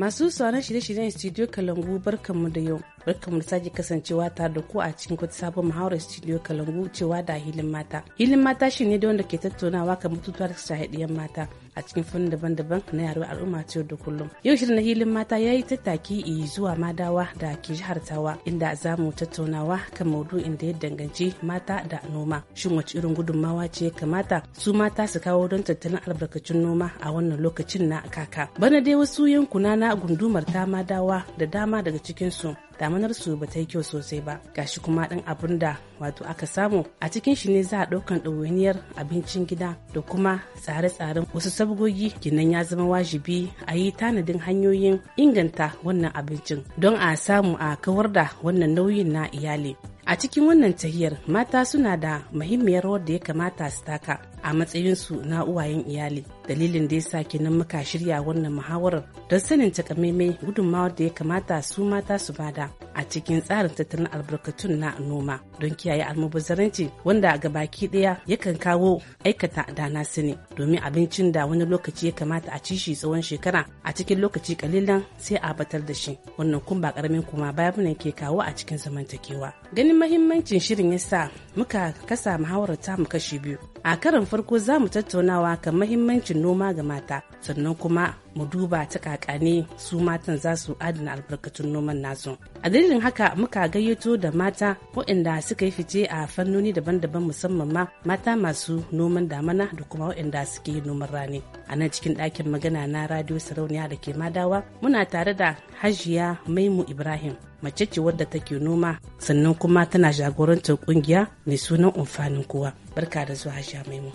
Masu sauran shirye-shiryen Studio Kalangu barkanmu da yau. barkan mu sake kasancewa tare da ku a cikin wata sabon muhawarar studio kalangu cewa da hilin mata hilin mata shi ne da wanda ke tattaunawa kan batutuwa da shahidiyan mata a cikin fannin daban-daban na yaro al'umma ce da kullum yau shirin na hilin mata ya yi tattaki zuwa madawa da ke jihar tawa inda za mu tattaunawa kan maudu inda ya danganci mata da noma shin wace irin gudunmawa ce ya kamata su mata su kawo don tattalin albarkacin noma a wannan lokacin na kaka bana dai wasu yankuna na gundumar ta madawa da dama daga cikinsu damanar su ba ta yi kyau sosai ba gashi kuma ɗin abun da wato aka samu a cikin shi ne za a ɗaukan ɗawainiyar abincin gida da kuma tsare-tsaren wasu sabgogi kinan ya zama wajibi a yi tanadin hanyoyin inganta wannan abincin don a samu a kawar da wannan nauyin na iyali a cikin wannan tahiyar mata suna da muhimmiyar rawar da ya kamata su taka a matsayinsu na uwayen iyali dalilin da ya sa kenan muka shirya wannan muhawarar don sanin takamaimai gudunmawar da ya kamata su mata su bada a cikin tsarin tattalin albarkatun na noma don kiyaye almubazzaranci wanda ga baki daya yakan kawo aikata da na sani domin abincin da wani lokaci ya kamata a ci shi tsawon shekara a cikin lokaci kalilan sai a batar da shi wannan kun ba karamin kuma baya ke kawo a cikin zamantakewa ganin mahimmancin shirin yasa muka kasa muhawarar ta mu kashi biyu a karin farko za mu tattaunawa kan mahimmancin noma ga mata sannan kuma mu duba ta kakane su matan za su adana albarkatun noman nasu a dalilin haka muka gayyato da mata waɗanda suka yi fice a fannoni daban-daban musamman ma mata masu noman damana da kuma waɗanda suke yi noman rani a nan cikin ɗakin magana na radio sarauniya da ke madawa muna tare da hajiya maimu ibrahim mace ce wadda take noma sannan kuma tana jagorantar kungiya mai sunan amfanin kowa barka da zuwa sha maimu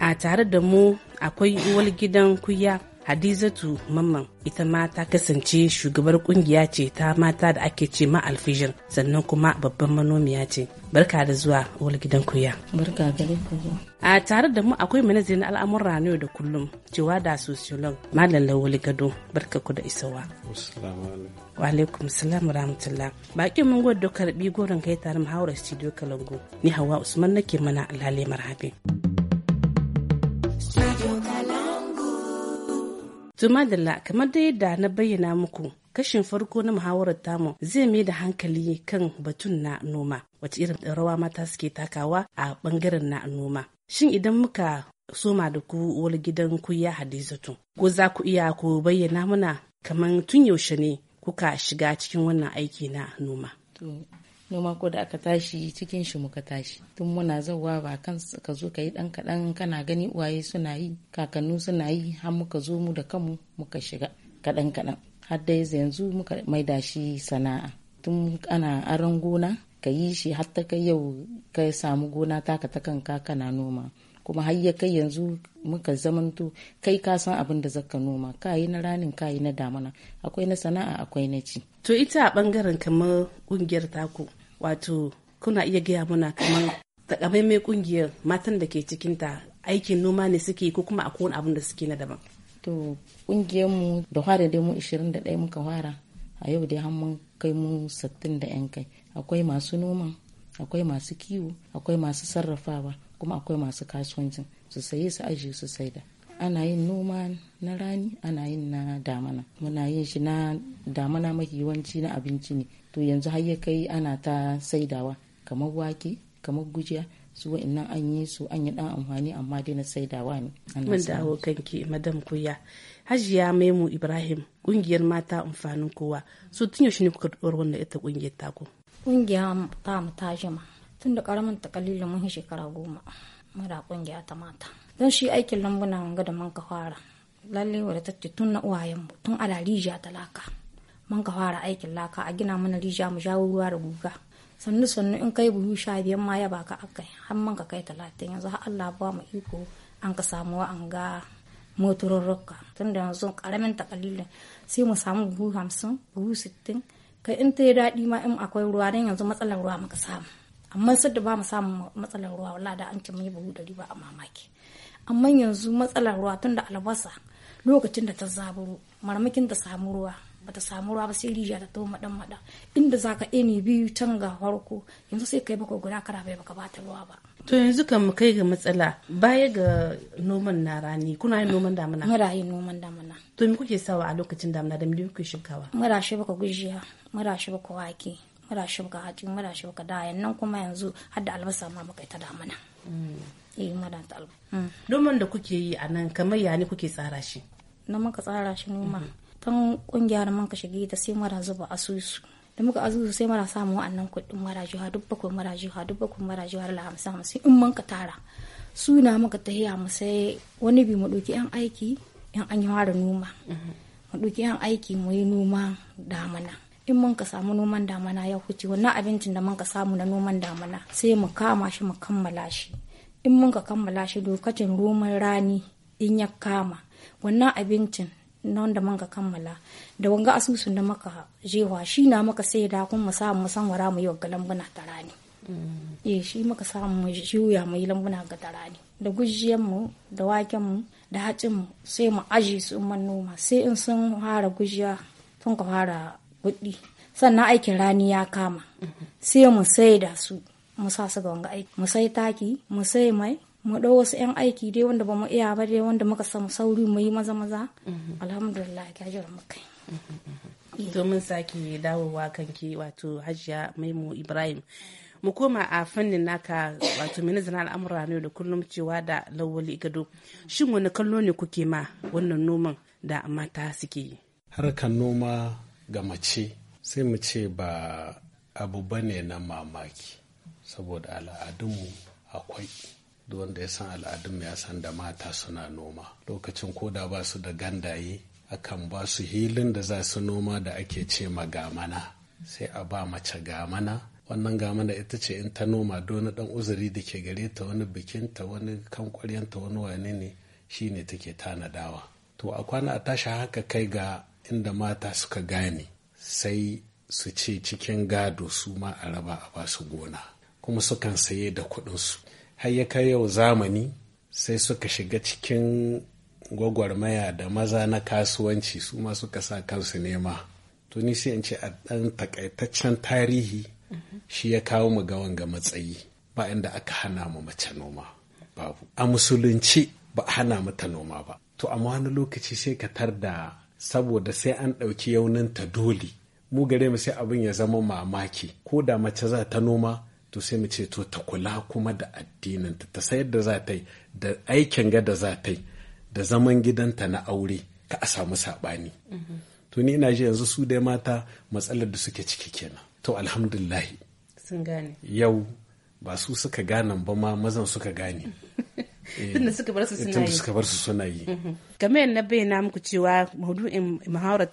a tare da mu akwai uwar gidan kuya hadizatu mamman ita ma ta kasance shugabar kungiya ce ta mata da ake ce ma alfijin sannan kuma babban manomiya ce barka da zuwa uwar gidan kuya a tare da mu akwai mana al'amura na yau da kullum cewa da sociolog malam lawal gado barka ku da isawa wa alaikum salam wa rahmatullah bakin mun da karbi goron kai tare mu haura studio kalango ni hawa usman nake mana alhale marhabi Tuma Dalla kamar da yadda na bayyana muku kashin farko na muhawarar tamu zai mai da hankali kan batun na noma wace irin rawa mata suke takawa a bangaren na noma. Shin idan muka soma da ku wani gidan ku ya hadizatu ko za ku iya ku bayyana mana kamar tun yaushe ne kuka shiga cikin wannan aiki na noma noma ko da aka tashi cikin shi muka tashi tun muna zauwa ba kan ka zo ka yi dan kaɗan kana gani uwaye suna yi kakannu suna yi har muka zo mu da kanmu muka shiga kaɗan kaɗan har da yanzu muka mai da shi sana'a tun ana aron gona ka yi shi har ta kai yau ka samu gona taka ta kanka kana noma kuma har ya kai yanzu muka zamanto kai ka san abin da zaka noma ka yi na ranin ka yi na damana akwai na sana'a akwai na ci to ita a bangaren kamar kungiyar taku wato kuna iya gaya muna kamar takamaimai kungiyar matan da ke cikinta aikin noma ne suke ko kuma a kowane abin da suke na daban to kungiyar mu da fara dai mu 21 muka fara a yau dai har mun kai mu 60 da yan kai akwai masu noma akwai masu kiwo akwai masu sarrafawa kuma akwai masu kasuwancin su saye su ajiye su saida ana yin noma na rani ana yin na damana muna yin shi na damana mafi yawanci na abinci ne to yanzu har ya kai ana ta saidawa kamar wake kamar gujiya su wa'annan an yi su an yi dan amfani amma dai na saidawa ne mun dawo kanki madam kuya hajiya maimu ibrahim kungiyar mata amfanin kowa su tun yaushe ne kuka ɗora wannan ita kungiyar taku kungiya ta mu ta jima tun da karamin takalilu mun yi shekara goma mara kungiya ta mata don shi aikin lambuna wanga da manka ka fara lalle wadda ta ce tun na uwayen mu tun ala rija ta laka man ka fara aikin laka a gina mana rija mu jawo ruwa da guga sannu sannu in kai buhu sha biyan ma ya baka akai har man ka kai talatin yanzu har Allah ba mu iko an ka samu an ga rokka tun da yanzu karamin takalilu sai mu samu buhu hamsin buhu sittin kai in ta yi daɗi ma in akwai ruwa don yanzu matsalar ruwa muka samu amma sai da ba mu samun matsalar ruwa wala da an mun yi buhu dari ba a mamaki amma yanzu matsalar ruwa tun da albasa lokacin da ta zaburo marmakin ta samu ruwa bata samu ruwa ba sai rija ta to madan madan inda zaka eni biyu can ga farko yanzu sai kai bakwai guda kara bai baka bata ruwa ba to yanzu kan mu kai ga matsala baya ga noman na rani kuna yin noman damina mura yin noman damina to me kuke sawa a lokacin damina da me kuke shinkawa mura shi baka gujiya mura shi baka wake muna shibka hatsi muna muka da nan kuma yanzu har da albasa ma muka ta mana mm. eh muna ta albasa mm. noman da kuke yi a nan kamar ya ne kuke tsara shi na muka tsara shi noma mm-hmm. tun kungiyar muka shige ta sai mara zuba asusu da muka azuzu sai mara samu wa'annan kuɗin mara jiha duk bakwai mara jiha duk bakwai mara jiha har hamsin hamsin in muka tara suna muka tahiya mu sai wani bi mu ɗauki yan aiki yan an yi noma mm-hmm. mu ɗauki yan aiki mu yi noma damana in mun ka samu noman damana ya huce wannan abincin da mun ka samu na noman damana sai mu kama shi mu kammala shi in mun ka kammala shi lokacin roman rani in ya kama wannan abincin na wanda mun ka kammala da wanga asusun da maka jewa shi na maka sai da kun mu samu mu wara mu yi wa galambuna ta rani mm. eh shi maka samu mu juya mu yi lambuna ga ta rani da gujiyan da waken mu da hacin mu sai mu aji su man noma sai in sun fara gujiya sun ka fara kuɗi sannan aikin rani ya kama sai mu sai da su mu sa su ga wanga aiki mu sai taki mu sai mai mu ɗau wasu 'yan aiki dai wanda ba mu iya ba dai wanda muka samu sauri mu yi maza maza alhamdulillah ya jira mu kai domin sake dawowa kanki wato hajiya maimu ibrahim mu koma a fannin naka wato ministan al'amura ne da kullum cewa da lawali gado shin wani kallo ne kuke ma wannan noman da mata suke yi harkar noma ga mace sai mu ce ba abu ba ne na mamaki saboda al'adunmu akwai wanda ya san al'adunmu ya san da mata suna noma lokacin koda ba su da gandaye akan ba su hilin da za su noma da ake ce ma gamana sai a ba mace gamana wannan gamana ita ce in ta noma doni dan uzuri da ke gare ta wani bikinta wani kankwaryanta wani wane ne shine take tanadawa to a kwana a tashi haka kai ga inda mata suka gane sai su ce cikin gado su ma a raba a basu gona kuma sukan saye da kuɗinsu har ya kai yau zamani sai suka shiga cikin gwagwarmaya da maza na kasuwanci su ma suka sa kansu nema to ni sai in ce a ɗan takaitaccen tarihi shi ya kawo mu gawan ga matsayi ba inda aka hana mu mace noma babu a musulunci ba hana mata noma ba to amma wani lokaci sai ka tar da saboda sai an ɗauki yaunin ta dole mu gare mu sai abin ya zama mamaki ko da mace za ta noma to sai mu ce to ta kula kuma da addininta ta sayar da za ta yi da aikin gada da za ta yi da zaman gidanta na aure ka a samu saɓani mm-hmm. to ni ina ji yanzu su dai mata matsalar da suke ciki kenan to alhamdulillahi yau ba su suka gane ba ma mazan suka gane Eh. tunda suka bar su suna yi suka bar su suna yi game mhm. na bayyana muku cewa maudu'in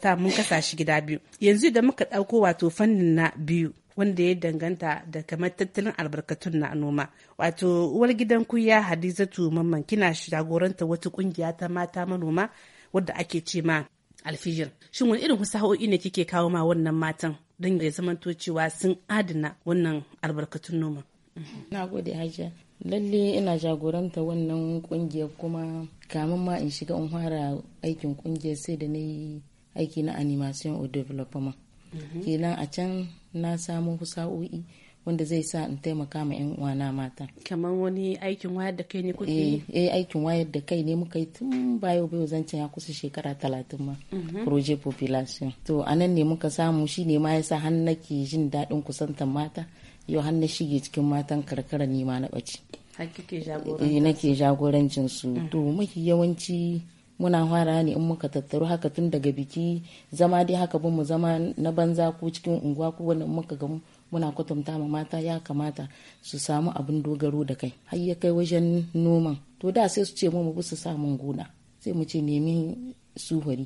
ta mun kasa shi gida biyu yanzu idan muka ɗauko wato fannin na biyu wanda ya danganta da kamar tattalin albarkatun na noma wato uwar gidan kuya hadizatu mamman kina jagorantar wata kungiya ta mata manoma wadda ake ce ma alfijir shin wani irin fasahohi ne kike kawo ma wannan matan don ya zamanto cewa sun adana wannan albarkatun noma mhm. na gode hajiya lalle ina jagoranta wannan kungiyar kuma kamin ma in shiga in fara aikin kungiyar sai da na yi aiki na animation or development mhm. kenan a can na samu sa'o'i wanda zai sa in taimaka ma 'yan uwana mata kamar wani aikin wayar da kai ne kuke eh, eh aikin wayar da kai ne muka yi tun bayo bayo zancen ya kusa shekara talatin ma mhm. project population to anan ne muka samu shine ma yasa har nake jin daɗin kusantar mata yau shige cikin matan karkara ne ma na ɓaci eh, nake jagorancin su mm. to mafi yawanci muna fara ne in muka tattaru haka tun daga biki zama dai haka mu zama na banza ko cikin unguwa ko wani muka gamu muna kwatanta ma mata ya kamata su samu abin dogaro da kai har ya kai wajen noman to da sai su ce mu bi su samun gona sai mu ce nemi suhuri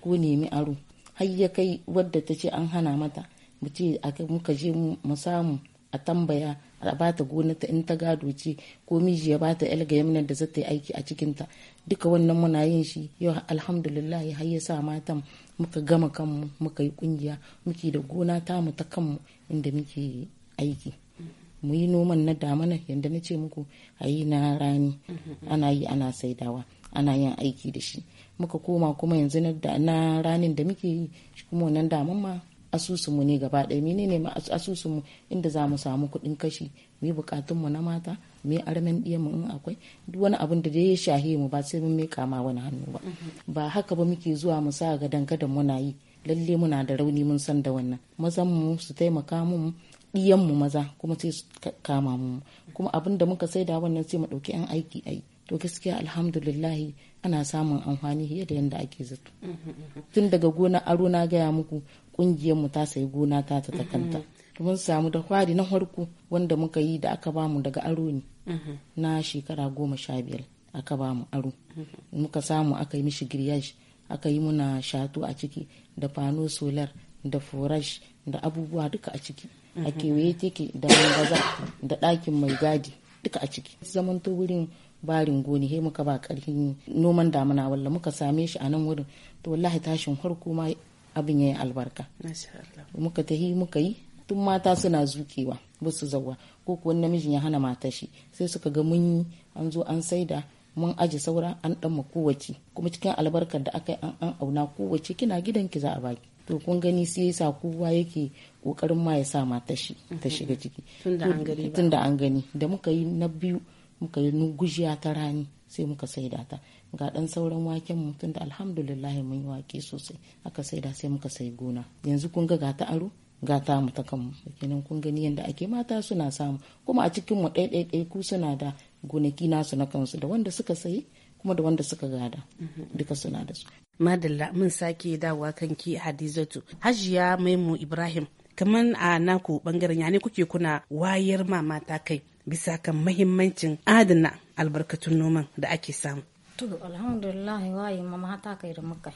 ko nemi aro har ya kai wadda ta ce an hana mata mu ce muka je mu samu a tambaya a bata gonata in ta gado ce ko miji ya bata yar da da zata yi aiki a cikinta duka wannan muna yin shi yau alhamdulillah har ya sa matan muka gama kanmu muka yi kungiya muke da gona ta mu ta kanmu inda muke aiki mu yi noman na damana yadda na ce muku a yi na rani ana yi ana saidawa ana yin aiki da shi muka koma kuma yanzu na ranin da muke yi shi kuma wannan daman ma mu ne gaba ɗaya menene ma asusunmu inda za mu samu kuɗin kashi mu buƙatunmu mu na mata mai armen armen mu in akwai duk wani abun da ya shahe mu ba sai mun mai kama wani hannu ba mhm. ba haka ba muke zuwa mu sa gadan gadan muna yi lalle muna da rauni mun san da wannan mazan mu su taimaka mu ɗiyan mu maza kuma sai su kama mu kuma abin da muka saida wannan sai mu ɗauki yan aiki ai to gaskiya alhamdulillahi ana samun amfani fiye da yadda ake zato mhm, mhm. tun daga gona aro na gaya muku mu ta sayi gona ta ta kanta mun samu da kwari na harku wanda muka yi da aka bamu daga aro ne na shekara goma sha biyar aka bamu aro muka samu aka yi mishi giriyaj aka yi muna shato a ciki da fano solar da forage da abubuwa duka a ciki a kewaye take da mangaza da ɗakin mai gadi duka a ciki to wurin barin goni he muka ba karfin noman damuna walla muka same shi a nan wurin to wallahi tashin harko ma abin ya yi albarka muka tahi muka yi tun mata suna zukewa ba su zauwa ko kuwa namijin ya hana mata shi sai suka ga mun yi an zo an saida mun aji saura an dan kowace kuma cikin albarkar da aka yi an auna kowace kina gidan ki za a baki to kun gani sai yasa kowa yake kokarin ma ya sa mata shi ta mhm. shiga ciki tun da an gani da muka yi na biyu muka yi gujiya ta rani sai muka saida ta ga dan sauran waken mutum da alhamdulillah mun yi wake sosai aka saida sai muka sai gona yanzu kun ga ga ta aro ga ta mu ta mu kenan kun gani yanda ake mata suna samu kuma a cikin mu ɗaya ku suna da gonaki nasu na kansu da wanda suka sayi kuma da wanda suka gada mhm. duka suna da su madalla mun sake kan kanki hadizatu hajiya maimu ibrahim kamar a naku bangaren ya ne kuke kuna wayar ma mata kai bisa kan mahimmancin adana albarkatun noman da ake samu to alhamdulillah waye ma mata kai da muka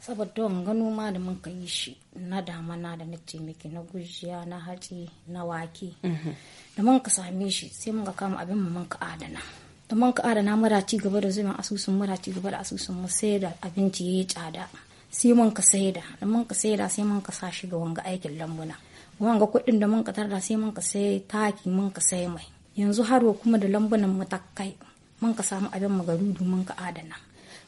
saboda wanga noma da muka yi shi na damana da na taimaki na gujiya na haji na waki da mun ka same shi sai mun ka kama abin mun ka adana da mun ka adana mura ci gaba da zuwa asusun mura ci gaba da asusun mu sai da abinci yayi tsada sai mun ka saida da mun ka saida sai mun ka sa shi ga wanga aikin lambuna wanga kuɗin da mun ka tarda sai mun ka sai taki mun ka sai mai yanzu har kuma da lambunan matakai man ka samu abin magarudu man ka adana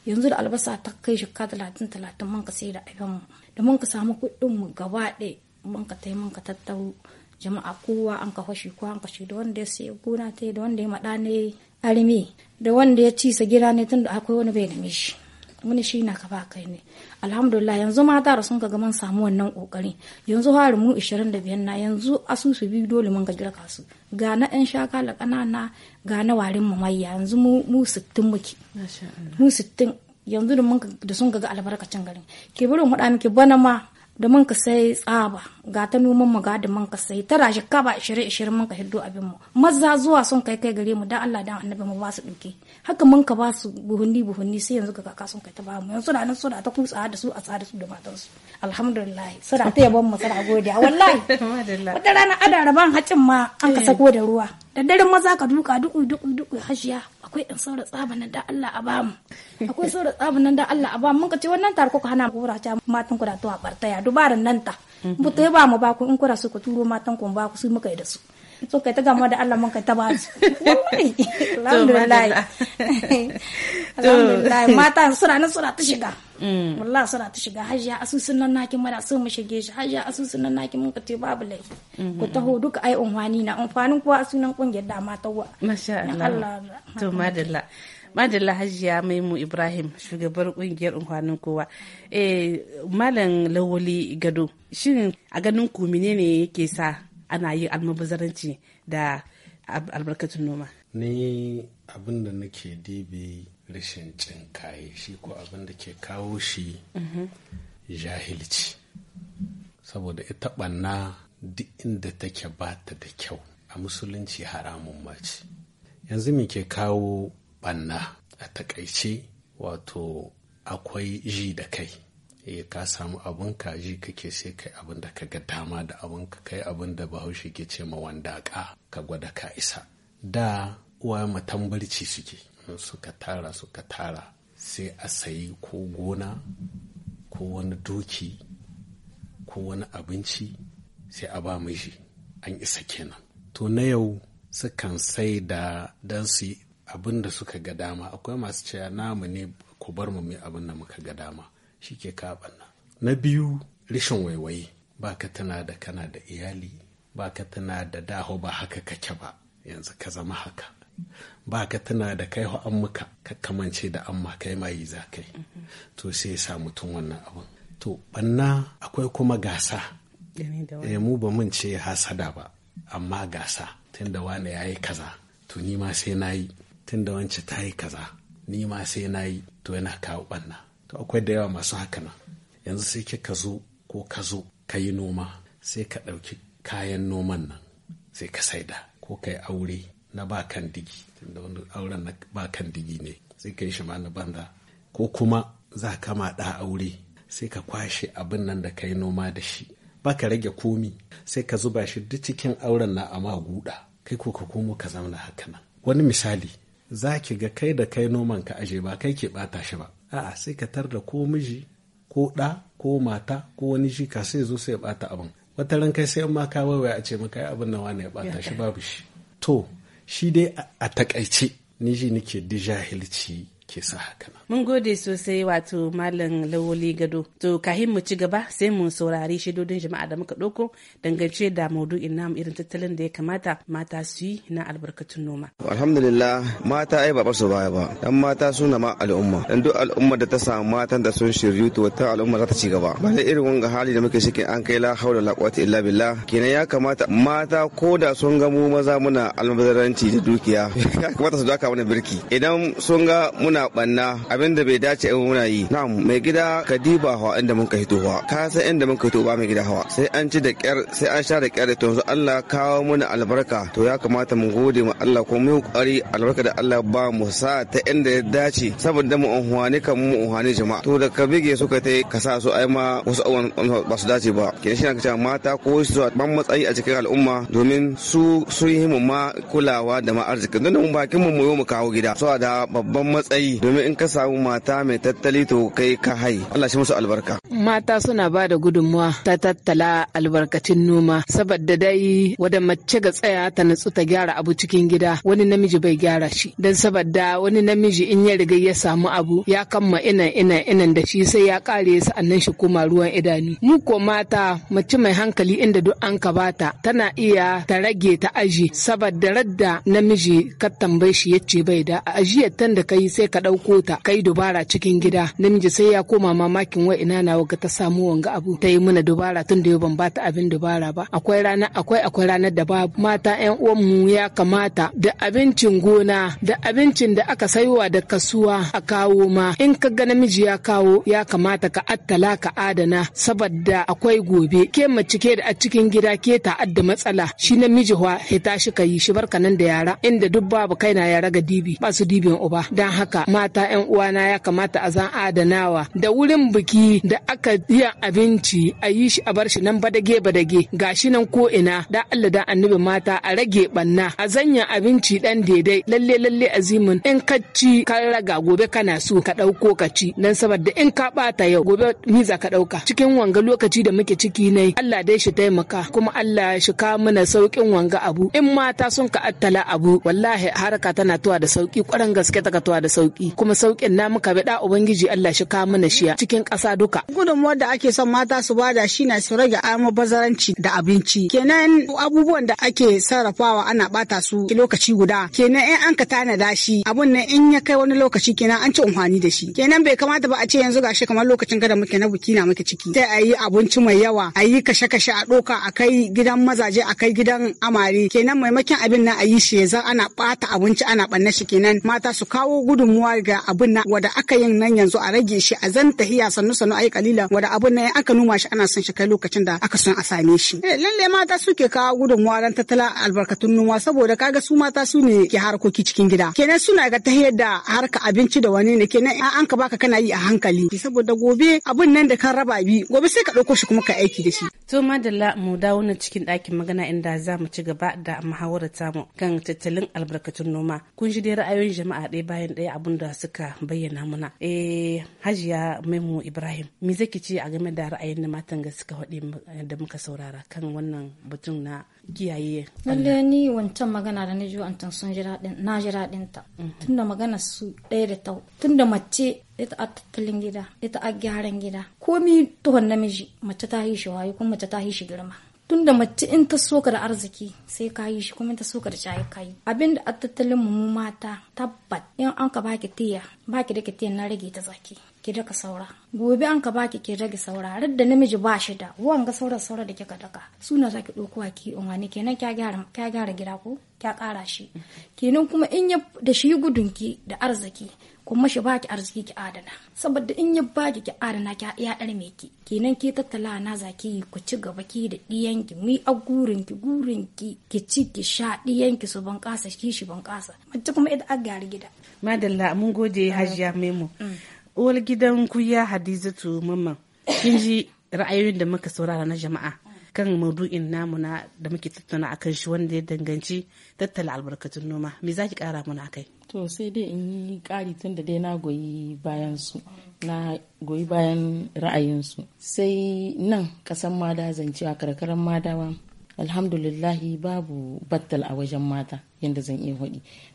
yanzu da albasa ta kai ka talatin talatin man ka sai da abin mu da man ka samu kuɗin mu gaba ɗaya man ka taimaka man ka tattaro jama'a kowa an ka fashi ko an ka shi da wanda ya sai gona ta da wanda ya maɗa ne armi da wanda ya ci sa gida ne tun da akwai wani bai da mishi wani shi na ka baka ne alhamdulillah yanzu mata da sun ga mun samu wannan kokari yanzu harin mu 25 na yanzu asusu biyu dole mun ga girka su ga na yan la kanana ga na warin mu mai yanzu mu mu 60 muke mu 60 yanzu da mun da sun ga albarkacin garin ke burin hada miki bana ma da mun ka sai tsaba ga ta noman mu ga da mun ka sai tara shi ka ba 20 20 mun ka hiddo abin mu maza zuwa sun kai kai gare mu dan Allah dan annabi mu ba su duke haka mun ka ba su buhunni buhunni sai yanzu ga kaka sun kai ta mu yanzu suna nan suna ta kutsa da su a tsada su da matan su alhamdulillah suna ta yabon mu suna godiya wallahi wata rana ada raban hacin ma an ka eh. sako da ruwa da daren maza ka duka duku duku duku hashiya akwai dan saura tsaba da Allah a mu akwai saura tsaba da Allah a mu mun ka ce wannan ko ka hana mu ta matan ku da to a bartaya dubaran nan ta mm-hmm. mu ta ba mu ba ku in kura su ku turo matan ku ba ku su muka yi da su so kai ta gama da Allah manka ta ba su alhamdulillah alhamdulillah mata suna nan suna ta shiga mm. Wallah suna ta shiga hajiya asusun nan naki mara so mu shige shi hajiya asusun nan naki mun kace babu lai mm-hmm. ku taho duka ai unwani na amfanin kuwa sunan kungiyar da mata wa masha Allah to madalla madalla hajiya maimu ibrahim shugabar kungiyar unhwanin kowa eh malam lawali gado shin a ganin ku menene yake sa ana yi almubazaranci da albarkatun noma ni abin da nake dibi rashin cin kaye shi ko abin da ke kawo shi mm-hmm. jahilci saboda ita ɓanna duk inda take ba ta da kyau a musulunci haramun mace yanzu me ke kawo ɓanna a takaice wato akwai ji da kai Eh, ka samu abun ka ji kake sai kai abin da ka ga dama da abun ka kai abin da bahaushe ke ce ma wanda ka gwada ka isa da uwa matambarci suke suka tara suka tara sai a sayi ko gona ko wani doki ko wani abinci sai a ba mu shi an isa kenan to na yau sukan sai da don su abin da suka ga dama akwai masu cewa namu ne ku bar mu mai abin da muka ga dama shi ke kaɓanna na biyu rishin waiwaye ba ka tana da kana da iyali ba ka tana da daho ba haka kake ba yanzu ka zama haka ba ka tana da kai ho an muka ka kamance da amma kai ma za kai to sai ya sa mutum wannan abin to banna akwai kuma gasa eh mu ba mun ce hasada ba amma gasa tunda wane ya yi kaza to ni ma sai na yi tunda wance ta yi kaza ni ma sai na yi to yana kawo banna to akwai da yawa masu haka yanzu sai kika zo ko ka zo ka yi noma sai ka ɗauki kayan noman nan sai ka saida ko ka yi aure na ba kan digi tunda wani auren na ba kan digi ne sai ka yi shi ma na banza ko kuma za ka maɗa aure sai ka kwashe abin nan da ka yi noma da shi ba ka rage komi sai ka zuba shi duk cikin auren na ma guda kai ko ka komo ka zauna haka nan wani misali za ki ga kai da kai noman ka aje ba kai ke bata shi ba a'a sai ka tar da ko miji ko ɗa ko mata ko wani ka sai zo sai ya bata abin wata ran kai sai an ma ka waiwaya a ce maka abin nawa ne ya bata shi babu shi to shi dai a takaice ni ji nake jahilci ke sa haka Mun gode sosai wato Malam Lawoli Gado. To kahin mu ci gaba sai mu saurari shidodin jama'a da muka ɗauko dangance da maudu'in namu irin tattalin da ya kamata mata su yi na albarkatun noma. Alhamdulillah mata ai ba su baya ba. Dan mata su na ma al'umma. Dan duk al'umma da ta samu matan da sun shiryu to wata al'umma za ta ci gaba. Ba irin wanga hali da muke shike an kai la haula la quwwata illa billah. Kenan ya kamata mata ko da sun ga mu maza muna almabazaranci da dukiya. Ya kamata su daka mana birki. Idan sun ga muna muna banna abin da bai dace in muna yi na'am mai gida ka diba hawa inda mun ka hito hawa ka san inda mun ka hito ba mai gida hawa sai an ci da kyar sai an sha da kyar to yanzu Allah kawo muna albarka to ya kamata mu gode ma Allah ko mu kokari albarka da Allah ba mu sa ta inda ya dace saboda mu unhwani kan mu unhwani jama'a to da ka bige ka tai ka sa su ai ma wasu awan ba su dace ba ke shi na cewa mata ko su ban matsayi a cikin al'umma domin su sun yi mu ma kulawa da ma arziki don mu bakin mu mu kawo gida so da babban matsayi yi domin in ka samu mata mai tattali to kai ka hai Allah shi musu albarka mata suna ba da gudunmuwa ta tattala albarkacin noma saboda dai wadda mace ga tsaya ta natsu ta gyara abu cikin gida wani namiji bai gyara shi dan saboda wani namiji in ya riga ya samu abu ya kama ina ina inan da shi sai ya kare sa annan shi kuma ruwan idanu mu ko mata mace mai hankali inda duk an ka bata tana iya ta rage ta aji saboda radda namiji ka tambaye shi yace bai da ajiyar tan da kai sai ka ɗauko ta kai dubara cikin gida namiji sai ya koma mamakin wa ina na waga ta samu wanga abu ta yi mana dubara tun da ban bata abin dubara ba akwai rana akwai akwai ranar da babu mata yan uwan mu ya kamata da abincin gona da abincin da aka saiwa da kasuwa a kawo ma in ka ga namiji ya kawo ya kamata ka attala ka adana saboda akwai gobe ke mace da a cikin gida ke ta adda matsala shi namiji wa ya shi ka yi shi barka nan da yara inda duk babu kaina yara ga dibi ba su dibin uba dan haka mata 'yan uwana ya kamata a zan adanawa da wurin biki da aka yi abinci a yi shi a bar shi nan badage badage ga shi nan ko ina da Allah da annabi mata a rage banna a zanya abinci dan daidai lalle lalle azimin in ka ci ka raga gobe kana so ka dauko ka ci dan saboda in ka bata yau gobe za ka dauka cikin wanga lokaci da muke ciki ne Allah dai shi taimaka kuma Allah shi ka mana saukin wanga abu in mata sun ka attala abu wallahi haraka tana tuwa da sauki kwaran gaske ta ka tuwa da sauki sauki kuma saukin na muka bi da ubangiji Allah shi ka mana shiya cikin ƙasa duka gudunmuwar da ake son mata su bada shi na su rage amma bazaranci da abinci kenan abubuwan da ake sarrafawa ana bata su lokaci guda kenan in an ka da shi abun nan in ya kai wani lokaci kenan an ci umfani da shi kenan bai kamata ba a ce yanzu gashi kamar lokacin kada muke na buki na muke ciki sai a yi abinci mai yawa a yi kashe-kashe a ɗoka a kai gidan mazaje a kai gidan amare kenan maimakin abin nan a yi shi yanzu ana bata abinci ana banna shi kenan mata su kawo gudunmuwa gudunmuwa ga abun nan wada aka yin nan yanzu a rage shi a zan tahiya sannu sannu ayi kalila wada abun nan aka numa shi ana son shi kai lokacin da aka son a same shi eh, lalle mata suke kawo gudunmuwa dan tattala albarkatun noma saboda kaga su mata su ne ke harkoki cikin gida kenan suna ga tahiyar da harka abinci da wani ne kenan an ka baka kana yi a hankali saboda gobe abun nan da kan raba bi gobe sai ka dauko shi kuma ka aiki da shi to madalla mu dawo na cikin ɗakin magana inda za mu ci gaba da muhawarar tamu kan tattalin albarkatun noma kun ji dai ra'ayoyin jama'a ɗaya bayan ɗaya abun da suka bayyana muna eh hajiya maimu ibrahim me zaki ce a game da ra'ayin da matan ga suka faɗi da muka saurara kan wannan batun na kiyaye lalle ni wancan magana da na ji tan sun jira din, na jira din ta mhm. tunda magana su ɗaya da tau tunda mace ita a tattalin gida ita a gyaran gida komi tuhon namiji mace ta yi shi waye, kuma mace ta yi shi girma tunda mace in ta soka da arziki sai ka yi shi kuma ta soka da cayi kayi yi abin da a tattalin mu mata tabbat in an ka baki tiya baki da tiya na rage ta zaki ki daka saura gobe an ka baki ke rage saura har da namiji ba shi da wan ga saura saura da kika daka suna zaki dokuwa ki wani kenan kya gyara kya gyara gida ko kya kara shi kenan kuma in ya da shi gudun ki da arziki kuma shi baki arziki ki adana saboda in ya baki ki adana ki ya dar me ki kenan ki tattala na zaki ku ci gaba ki da diyan ki mi a gurin ki gurin ki ki ci ki sha diyan ki su ban kasa ki shi ban kasa mace kuma ita a gari gida madalla mun gode hajiya memo mm. uwar gidan ku ya hadizatu mamman kin ji ra'ayoyin da muka saurara na jama'a kan maudu'in namu na da muke tattauna akan shi wanda ya danganci tattala albarkatun noma me zaki kara mana kai? to sai dai in yi kari tun da dai na goyi bayan su na goyi bayan ra'ayinsu sai nan kasan mada zance a karkarar madawa alhamdulillahi babu battal a wajen mata yadda zan iya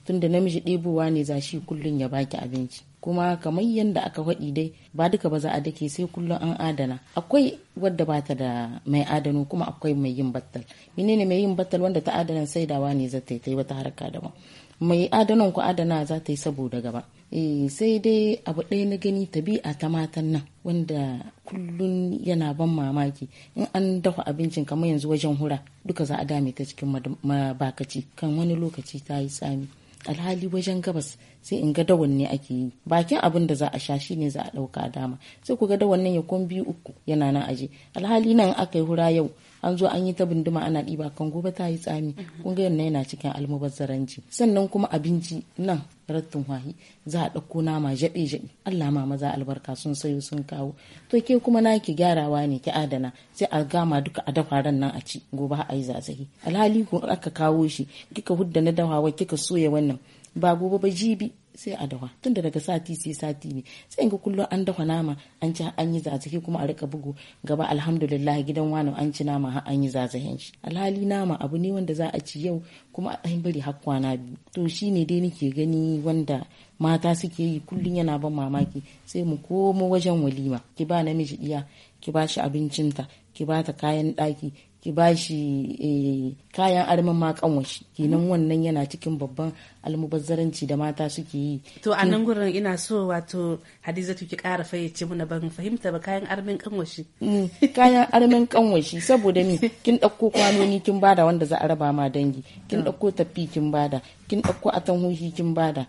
tun da namiji ɗebowa ne za shi kullum ya baki abinci kuma kamar yadda aka haɗi dai ba duka ba za a dake sai kullum an adana akwai wadda ba ta da mai adano kuma akwai mai yin battal menene mai yin battal wanda ta adana sai saidawa ne zata ta yi wata harka daban mai adanan ku adana za ta yi saboda gaba eh sai dai abu ɗaya na gani ta tabi'a ta matan nan wanda kullum yana ban mamaki in an dafa abincin kamar yanzu wajen hura duka za a dame ta cikin mabakaci kan wani lokaci ta yi tsami alhali wajen gabas sai in ga dawanni ne ake yi bakin abin da za a sha shi ne za a ɗauka dama sai ku ga dawan nan ya kwan biyu uku yana nan aje alhali nan aka yi hura yau an zo an yi ta binduma ana ɗiba kan gobe ta yi tsami kun ga yana yana cikin almubazzaranci sannan kuma abinci nan rattun wahi za a ɗauko nama jaɓe jaɓe Allah ma maza albarka sun sayo sun kawo to ke kuma na ki gyarawa ne ki adana sai a gama duka a dafa ran nan a ci gobe a yi zazzahi alhali ku aka kawo shi kika hudda na dafawa kika soya wannan ba gobe ba jibi sai a dawa tunda daga sati sai sati ne sai ga kullum an dafa nama an ci an yi zazzaki kuma a rika bugu gaba alhamdulillah gidan wani an ci nama an yi zazzahin shi alhali nama abu ne wanda za a ci yau kuma a ɗan bari har kwana biyu to shine dai nake gani wanda mata suke yi kullum yana ban mamaki sai mu komo wajen walima ki ba namiji iya ki ba shi abincinta ki ba ta kayan ɗaki ki bashi eh, kayan armin ma kanwashi kenan wannan yana cikin babban almubazzaranci da mata suke yi to a nan gurin ina so wato hadiza ki kara fayyace muna ban fahimta ba kayan armin kanwashi mm, kayan armin kanwashi saboda ni kin ɗauko kwanoni kin bada wanda za a raba ma dangi kin ɗauko tafi kin bada kin ɗauko atanhohi kin bada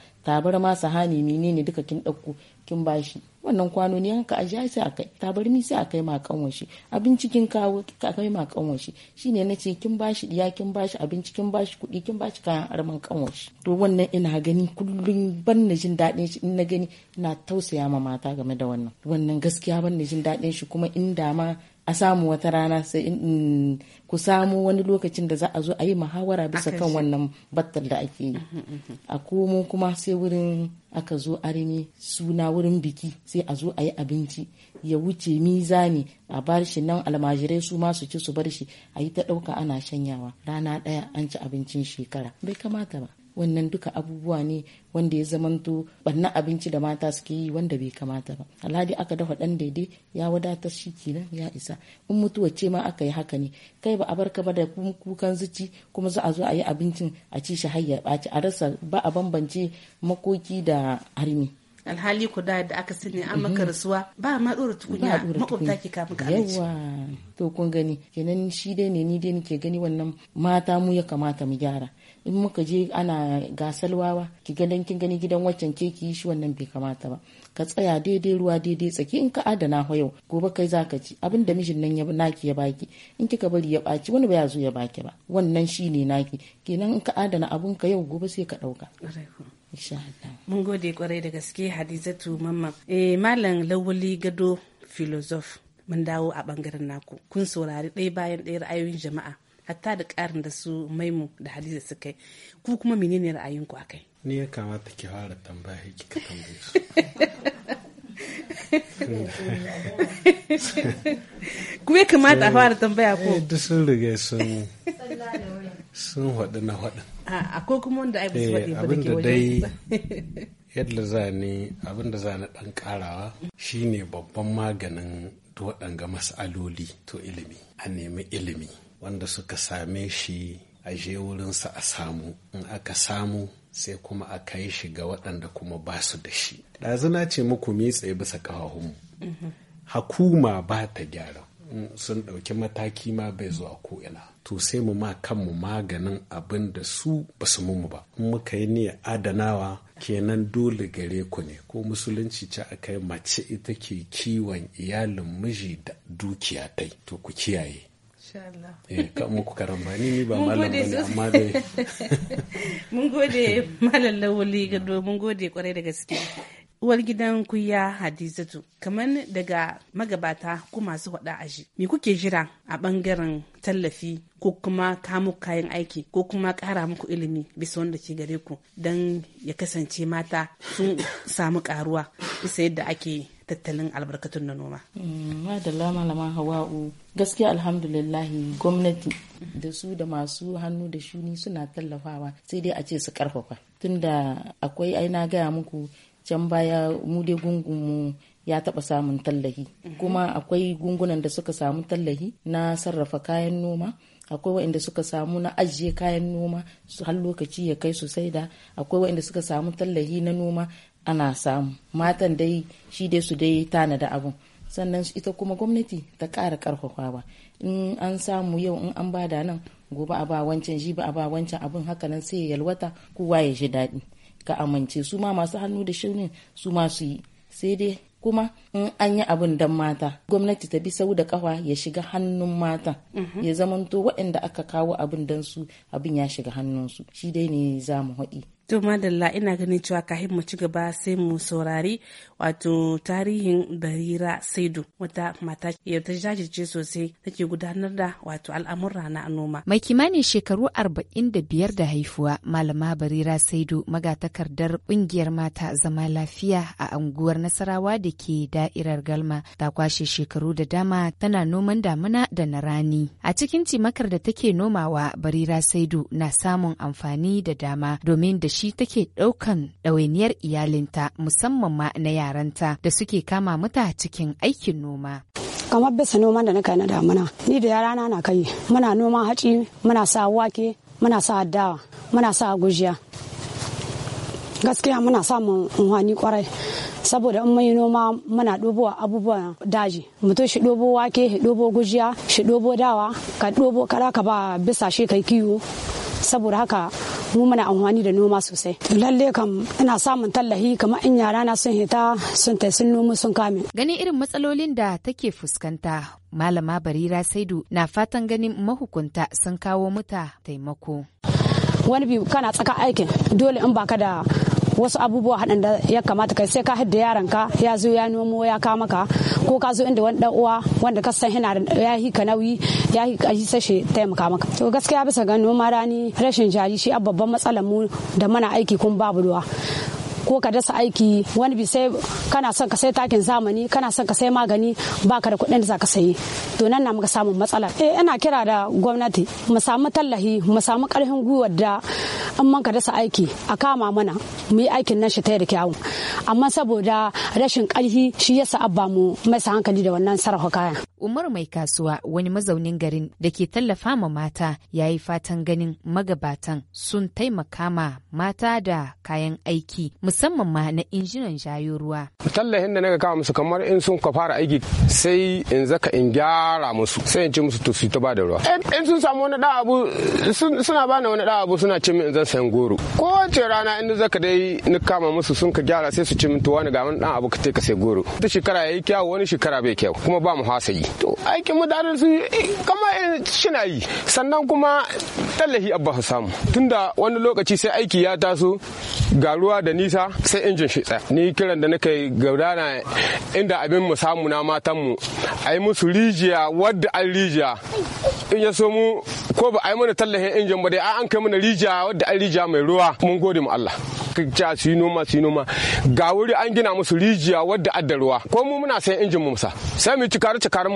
ma sahani menene duka kin ɗauko kin bashi wannan kwanoni haka a ja sai a kai tabarmi sai a kai ma kanwashi abinci kin kawo ka kai ma kanwashi shi shine nace kin bashi diya kin bashi abinci kin bashi kuɗi kin bashi kayan arman kanwashi. to wannan ina gani kullum ban na jin daɗin shi in na gani ina tausaya ma mata game da wannan wannan gaskiya ban na jin daɗin shi kuma in da ma a samu wata rana sai ku samu wani lokacin da za a zo a yi muhawara bisa kan wannan battar da ake yi mhm, mhm, mhm. a komo kuma sai wurin aka zo armi suna wurin biki sai a zo a yi abinci ya wuce mizani a bar shi nan almajirai su ma ci su bar shi a yi ta ɗauka ana shanyawa rana ɗaya an ci abincin shekara bai kamata ba wannan duka abubuwa ne wanda ya zamanto banna abinci da mata suke yi wanda bai kamata ba alhali aka dafa dan daidai ya wadatar shi kenan ya isa in mutuwa ce ma aka yi haka ne kai ba a bar ka ba da kukan zuci kuma za a zo a yi abincin a ci shi har ya ɓaci a rasa ba a bambance makoki da harmi alhali ku da da aka sani an maka mhm. rasuwa ba ma dora tukunya makwabta ke kafin ka yawa to kun gani kenan shi dai ne ni dai nake gani wannan mata mu ya kamata mu gyara in muka je ana gasalwawa ki ganin kin gani gidan waccan ke ki shi wannan bai kamata ba ka tsaya daidai ruwa daidai tsaki in ka adana ho yau gobe kai za ka ci abin da mijin nan naki ya baki in kika bari ya baci wani ba ya zo ya baki ba wannan shi ne naki kenan in ka adana abun ka yau gobe sai ka ɗauka. mun gode kwarai da gaske hadizatu Mamma. eh malam lawali gado filozof mun dawo a bangaren naku kun saurari ɗaya bayan ɗaya ra'ayoyin jama'a hatta da ƙarin da su maimu da hadiza suka yi ku kuma menene ra'ayinku a kai ni ya kamata ki fara tambaya kika tambaye ku ya kamata a fara tambaya ko eh, da sun riga sun sun haɗu na A ko kuma wanda ai ba su eh, faɗi ba da ke yadda za abinda abin da ɗan ƙarawa shine babban maganin waɗanga mas'aloli to ilimi a nemi ilimi wanda suka same shi a je wurinsa a samu in aka samu sai kuma a kai shi ga waɗanda kuma ba su da shi ɗazuna ce muku mitse bisa ƙafafunmu mhm. hakuma ba ta gyara sun ɗauki mataki ma bai zuwa ko'ina to sai mu ma kanmu maganin abin da su ba su mu ba in muka yi ni adanawa kenan dole gare ku ne ko musulunci ce aka yi mace ita ke kiwon iyalin miji da dukiya ta to ku kiyaye eh, muku karamba ni ba malam amma dai mun gode malam lawali gado mun gode kwarai da gaske uwar gidan kuya hadizatu kamar daga magabata ko masu hada aji me kuke jira a bangaren tallafi ko kuma kamu kayan aiki ko kuma kara muku ilimi bisa wanda ke gare ku don ya kasance mata sun samu karuwa bisa yadda ake tattalin albarkatun na noma. Mm, madalla malama hawa'u gaskiya alhamdulillahi gwamnati da su da masu hannu da shuni suna tallafawa sai dai a ce su karfafa tunda akwai aina gaya muku can baya mu dai mu ya taɓa samun tallahi mhm. kuma akwai gungunan da suka samu tallahi na sarrafa kayan noma akwai waɗanda suka samu na ajiye kayan noma su har lokaci ya kai sosai da akwai waɗanda suka samu tallahi na noma ana samu matan dai shi dai su dai tana da abun sannan ita kuma gwamnati ta ƙara ƙarfafawa in an samu yau in an bada nan gobe a ba wancan ji ba a ba wancan abin haka nan sai ya yalwata kowa ya ji daɗi ka amince su ma masu hannu da shirin su ma su yi sai dai kuma in an yi abin dan mata gwamnati ta bi sau da kawa ya shiga hannun mata mhm. ya zamanto waɗanda aka kawo abin dan su abin ya shiga hannun su shi dai ne za mu haɗi To madalla ina ganin cewa kahin mu ci gaba sai mu saurari wato tarihin Barira Saidu wata mata ta jajirce sosai take gudanar da wato al'amurra na noma. Mai kimanin shekaru arba'in da biyar da haifuwa malama Barira Saidu magatakardar kungiyar mata zama lafiya a anguwar Nasarawa da ke da'irar Galma ta kwashe shekaru da dama tana noman damuna da na rani. A cikin cimakar da take nomawa Barira Saidu na samun amfani da dama domin da shi take ɗaukan ɗawainiyar iyalinta musamman ma na yaranta da suke kama mata cikin aikin noma. kamar bisa noma da nika na damuna ni da yara na kai muna noma haci muna sa wake muna sa dawa muna sa gujiya gaskiya muna samun unhwani kwarai saboda in mai noma muna dobo abubuwa daji mutum shi dobo wake shi dobo gujiya shi dobo dawa ka dobo kara ka ba bisa shi kai kiwo saboda haka mu muna amfani da noma sosai lalle kam ina samun tallahi kamar in yara na sun hita sun ta sun noma sun kame ganin irin matsalolin da take fuskanta malama barira saidu na fatan ganin mahukunta sun kawo muta taimako wani biyu kana tsaka aikin dole in baka da wasu abubuwa haɗanda ya kamata kai sai ka yaran ka ya zo ya nomo ya ka maka ko ka zo inda wani dan uwa wanda ka san yana ya hi ka nauyi ya hi ka sashe taimaka maka to gaskiya bisa ga noma rani rashin jari shi babban matsalar mu da mana aiki kun babu ruwa ko ka dasa aiki wani bi sai kana son ka sai takin zamani kana son ka sai magani baka da kuɗin da zaka sayi to nan na muka samu matsala eh ina kira da gwamnati mu samu tallahi mu samu ƙarfin gwiwar da in man ka dasa aiki a kama mana mu yi aikin nan shi ta yi kyawun amma saboda rashin ƙarfi shi yasa abba mu masa hankali da wannan sarrafa kayan Umar mai kasuwa wani mazaunin garin da ke tallafa ma mata ya yi fatan ganin magabatan sun taimaka ma mata da kayan aiki musamman ma na injinan jayo ruwa. Tallafin da na kawo musu kamar in sun ka fara aiki sai in zaka in gyara musu sai in ci musu to su ta ba da ruwa. In sun samu wani ɗan abu suna bani wani ɗan abu suna ce min in zan sayan goro kowace rana inda zaka dai ni kama musu sun ka gyara sai su ci min ni wani ga dan abu ka ka sai goro ta shekara yayi kyau wani shekara bai kyau kuma ba mu hasayi to aikin mu da su eh, kama eh, shina yi sannan kuma tallahi abba su samu tunda wani lokaci sai aiki ya taso ga ruwa da nisa sai injin shi tsaya ni kiran da nake gaudana inda abin mu samu na matan mu a yi musu rijiya wadda an rijiya in ya so mu ko ba a yi mana tallahin injin ba dai an kai mana rijiya wadda an rijiya mai ruwa mun gode mu Allah ka su yi noma su yi ga wuri an gina musu rijiya wadda adda ruwa ko mu muna san injin mu musa sai mu ci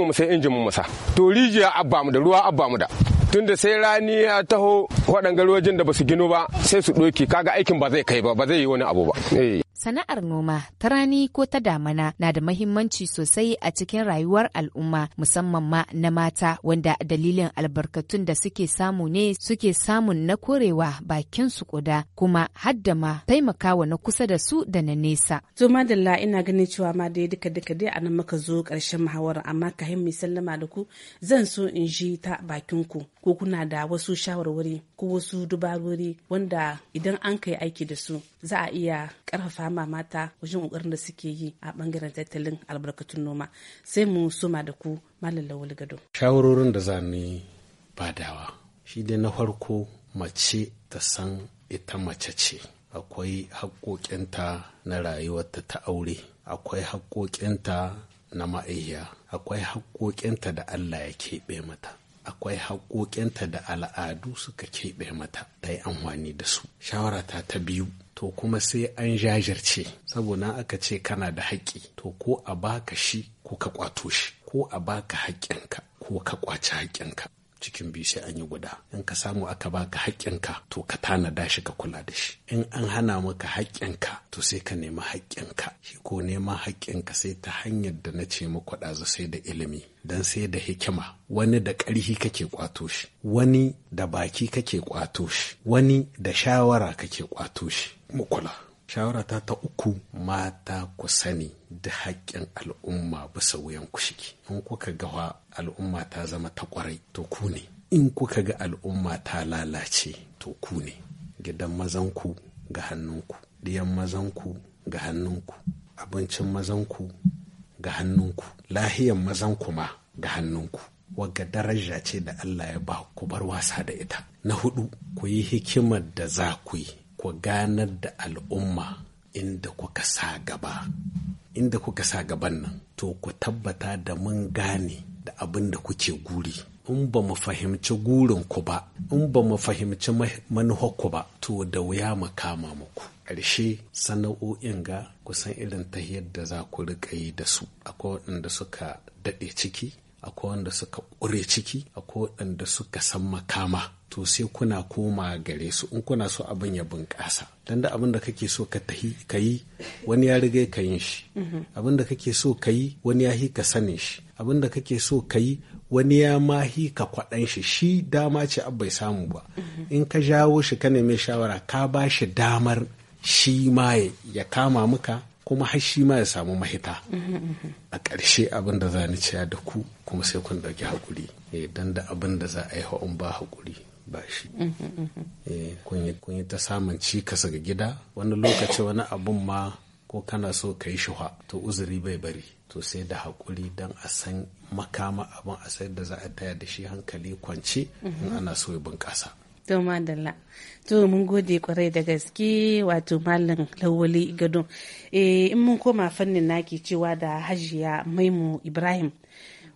mu san injin mu musa to rijiya abba mu da ruwa abba mu da tunda sai rani ya taho waɗanga ruwajin da basu su gino ba sai su ɗoki kaga aikin ba zai kai ba ba zai yi wani abu ba eh. Sana'ar noma ta rani ko ta damana na da mahimmanci sosai a cikin rayuwar al'umma musamman ma na mata wanda dalilin albarkatun da suke samu ne suke samun na korewa bakin su kuda kuma hadda ma taimakawa na kusa da su da na nesa. To madalla ina ganin cewa ma dai duka duka dai a nan muka zo ƙarshen muhawara amma ka mai sallama da ku zan so in ji ta bakin ku ko kuna da wasu shawarwari ko wasu dubarori wanda idan an kai aiki da su za a iya karfafa ma mata wajen kokarin da suke yi a ɓangaren tattalin albarkatun noma sai mu soma da ku malam wani gado shawarorin da za ni badawa shi dai na farko mace ta san ita mace ce akwai haƙoƙinta na rayuwarta ta aure akwai haƙoƙinta na ma'aiya akwai haƙoƙinta da allah ya keɓe mata akwai haƙoƙinta da al'adu suka keɓe mata ta yi amfani da su shawarata ta biyu to kuma sai an jajirce saboda aka ce kana da haƙƙi to ko a baka shi ko ka kwato shi ko a baka haƙƙinka ko ka kwaci haƙƙinka cikin biyu sai an yi guda in ka samu aka baka haƙƙinka to ka tanada shi ka kula da shi in an hana maka haƙƙinka to sai ka nemi haƙƙinka shi ko nema haƙƙinka sai ta hanyar da na ce muku ɗazu sai da ilimi dan sai da hikima wani da ƙarhi kake kwato shi wani da baki kake kwato shi wani da shawara kake kwato shi mu kula shawarata ta uku mata ku sani da haƙƙin al'umma bisa wuyan ku shiki in kuka ga al'umma ta zama ta kwarai to ku ne in kuka ga al'umma ta lalace to ku ne gidan mazan ku ga hannunku diyan ku ga hannun ku. abincin mazanku ga hannun ku. lahiyan mazan ku ma ga hannunku wagga daraja ce da Allah ya ba ku bar wasa da ita na hudu ku yi hikimar da za ku yi ku ganar da al'umma inda kuka sa gaba inda kuka sa gaban nan to ku tabbata da mun gane da abin da kuke guri in ba mu fahimci gurin ku ba in ba mu fahimci ku ba to da wuya mu kama muku ƙarshe sana'o'in ga kusan irin ta yadda za ku riƙa yi da su akwai waɗanda suka daɗe ciki akwai wanda suka ƙure ciki akwai waɗanda suka san makama to sai kuna koma gare su in kuna so abin ya bunƙasa don da abin da kake so ka tahi ka yi wani ya riga ka yin shi abin da kake so ka yi wani ya hi ka sanin shi abin da kake so ka yi wani ya ma hi ka kwaɗan shi shi dama ce abai samu ba in ka jawo shi ka neme shawara ka ba shi damar shi ma ya kama muka kuma har shi ma ya samu mahita a ƙarshe abin da za ni ciya da ku kuma sai kun ɗauki haƙuri eh, don da abin da za a yi hau'un ba haƙuri ba shi eh, kun yi ta samun cikas ga gida wani lokaci wani abun ma ko kana so ka yi shuha to uzuri bai bari to sai da haƙuri don a san makama abin a sayar da za a taya da shi hankali kwance in ana so ya bunƙasa to madalla to mun gode kwarai da gaske wato malam lawali gado eh, in mun koma fannin naki cewa da hajiya maimu ibrahim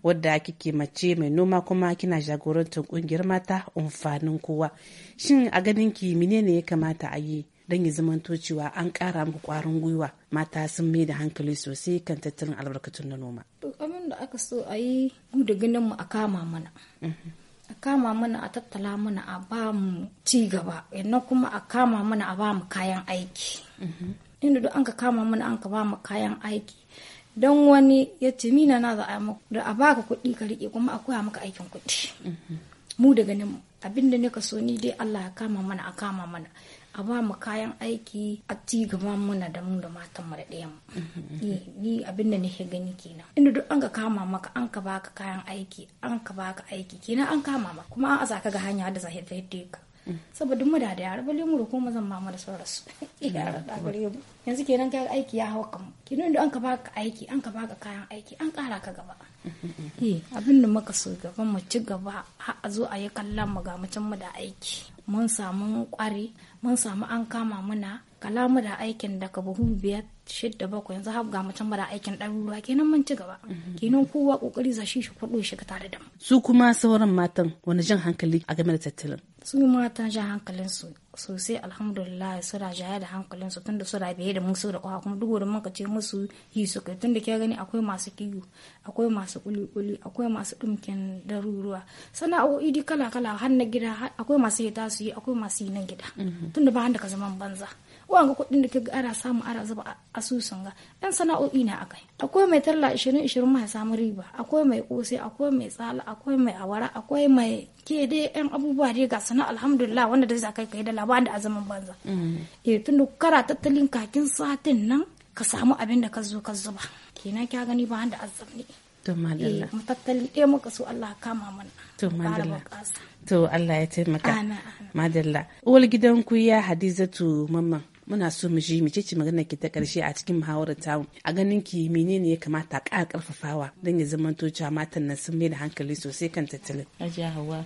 wadda kike mace mai noma kuma kina jagorantar kungiyar mata amfanin kowa shin a ganin ki menene ya kamata a yi don ya zamanto cewa an kara muku kwarin gwiwa mata sun mai da hankali sosai kan tattalin albarkatun na noma abin da aka so a yi mu da ganin mu a kama mana mhm. a kama mana a tattala mana a ba mu ci gaba yannan kuma a kama mana a ba mu kayan aiki mm-hmm. inda duk an ka kama mana an ka ba mu kayan aiki don wani ya ce mina na za a da a baka kuɗi ka riƙe kuma a koya maka aikin kuɗi mm-hmm. mu daga nan abinda ne ka so ni dai Allah ya kama mana a kama mana a ba mu kayan aiki a ci gaba muna da mu da matan mu da ɗayan mhm. ni abin da nake gani kenan inda duk an ka kama maka an ka baka kayan aiki an ka baka aiki kenan an kama maka kuma an zaka ga hanya da zahir da ka mm. saboda mu da da yara bale mu ko mazan mama da sauransu yara da mm. gare yanzu kenan kayan aiki ya hawa kan mu kenan inda an ka baka aiki an ka baka kayan aiki an kara ka gaba Eh, abin da muka so gaba mu ci gaba har a zo a yi kallon mu ga mu da aiki mun samu kware mun samu an kama muna kalamu da aikin daga buhu biyar shidda bakwai yanzu har ga mutum da aikin ɗaruruwa kenan mun ci gaba mhm. kenan kowa kokari za shi shi kudu shi tare da mu su kuma sauran matan wani jan hankali a game da tattalin su matan jan hankalin su sosai alhamdulillah suna jaya da hankalin su tunda suna biye da musu da kuma duk mun ka ce musu yi su kai tunda ke gani akwai masu kiyu akwai masu kuli-kuli akwai masu dumkin daruruwa sana'o'i di kala-kala har na gida akwai masu yi su yi akwai masu yi na gida mhm. tunda ba da ka zama banza wa ga kuɗin da ga ara samu ara zuba asusun ga yan sana'o'i na akai akwai mai talla 20 20 ma samu riba akwai mai kosai akwai mai tsala akwai mai awara akwai mai ke dai yan abubuwa dai ga sana alhamdulillah wanda da za kai kai da labarin da azumin banza mm-hmm. eh tunda kara tattalin kakin satin nan ka samu abin da ka zo ka zuba kenan ka gani ba da azzamni to madalla eh, mu tattalin dai muka so Allah kama mana to madalla to Allah ya taimaka madalla uwar gidanku ya hadizatu mamman muna so mu ji mu ce magana ki ta karshe a cikin muhawarar tamu a ganin ki menene ya kamata a ƙara karfafawa don ya zama cewa matan nan sun mai da hankali sosai kan tattalin. aji Hauwa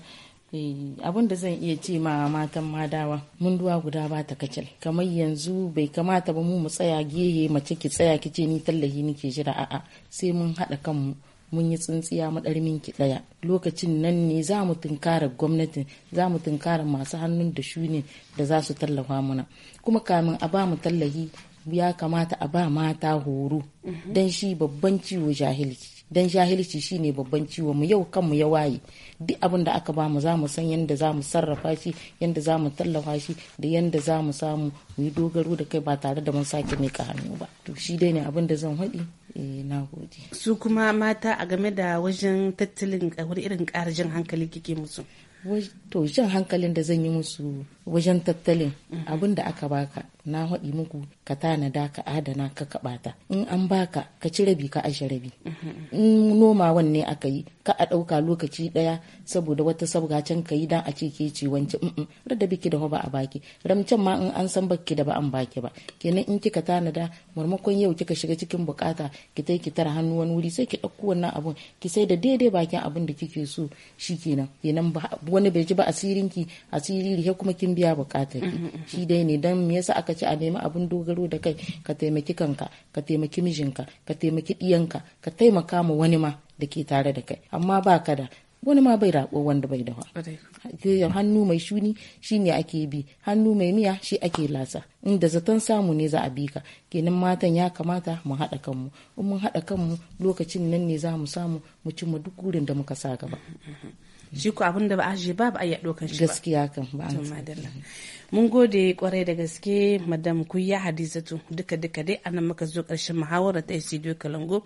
eh, abin da zan iya ce ma matan madawa mun duwa guda ba ta kacal kamar yanzu bai kamata ba mu mu tsaya gehe mace ki tsaya ki ce ni tallahi nike jira a'a sai mun haɗa kanmu mun yi tsintsiya madarmin ki daya lokacin nan ne za mu tunkara gwamnatin za mu tunkara masu hannun da shuni da za su tallafa mana kuma kamin a ba mu tallahi ya kamata a ba mata horo mhm. don shi babban ciwo jahilci don jahilci shine babban ciwo mu yau kan mu ya waye duk abin da aka bamu za mu san yadda za mu sarrafa shi yadda za mu tallafa shi da yadda za mu samu mu yi dogaro da kai ba tare da mun sake ka hannu ba to shi dai ne abin da zan haɗi eh, na gode su kuma mata a game da wajen tattalin wani irin ƙara hankali kike musu to jan hankalin da zan yi musu wajen tattalin mhm. abin da aka baka na haɗi muku ka tanada ka adana ka kaɓata in an baka ka ci rabi ka ashe rabi mhm. in noma ne aka yi ka a ɗauka lokaci ɗaya saboda wata sabga can ka yi dan a ce ke ce wance da biki da ba a baki ramcen ma in an san baki da ba an baki ba kenan in kika tanada marmakon yau kika shiga cikin bukata ki tai ki tara hannu wani wuri sai ki ɗauko wannan abun ki sai da daidai bakin abun da kike so shi kenan wani bai ji ba asirinki asiri rihe kuma kin biya bukatar ki mm-hmm, mm-hmm. shi dai ne dan me yasa aka ci a nemi abin dogaro da kai ka taimaki kanka ka taimaki mijinka ka taimaki diyanka ka taimaka ma wani ma da ke tare da kai amma ba ka da wani ma bai rabo wanda bai wa hannu mai shuni shine ake bi hannu mai miya shi ake lasa inda zaton samu ne za a bi ka kenan matan ya kamata mu haɗa kanmu in mun haɗa kanmu lokacin nan ne za mu samu mu cimma duk gurin da muka sa gaba mm-hmm, shi ko abin da ba a shi ba a yi dokan shi ba gaskiya kan ba mun gode kwarai da gaske madam kuya hadizatu duka duka dai anan muka zo karshen muhawara ta studio kalango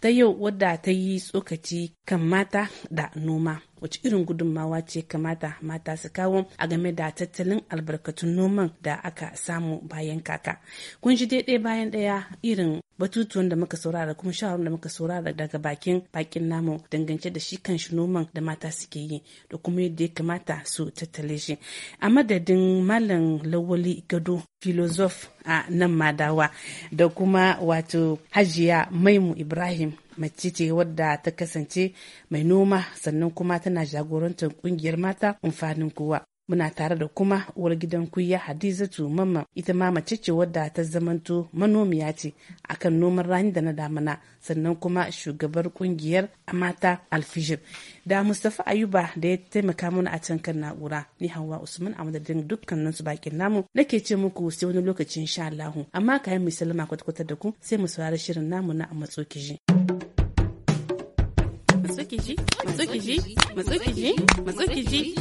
ta yau wadda ta yi tsokaci kan mata da noma wace irin gudunmawa ce kamata mata su kawo a game da tattalin albarkatun noman da aka samu bayan kaka kun ji daidai bayan daya irin batutuwan da muka saurara kuma shawarar da muka saurara daga bakin bakin namu dangance da shi kan shi noman da mata suke yi da kuma yadda ya kamata su tattale shi a madadin malam lawali gado filozof a nan madawa da kuma wato hajiya maimu ibrahim mace ce wadda ta kasance mai noma sannan kuma tana jagorantar kungiyar mata amfanin kowa muna tare da kuma uwar gidan kuya hadizatu mamman ita ma mace ce wadda ta zamanto manomiya ce akan noman rani da na damana sannan kuma shugabar kungiyar mata alfijir da mustapha ayuba da ya taimaka mana a can kan na'ura ni hawa usman a madadin dukkanin su bakin namu nake ce muku sai wani lokacin sha allahu amma kayan misali kwata-kwata da ku sai mu saurari shirin namu na a matso kishi. matsukiji matsukiji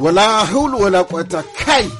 wala haulu wala kwata kai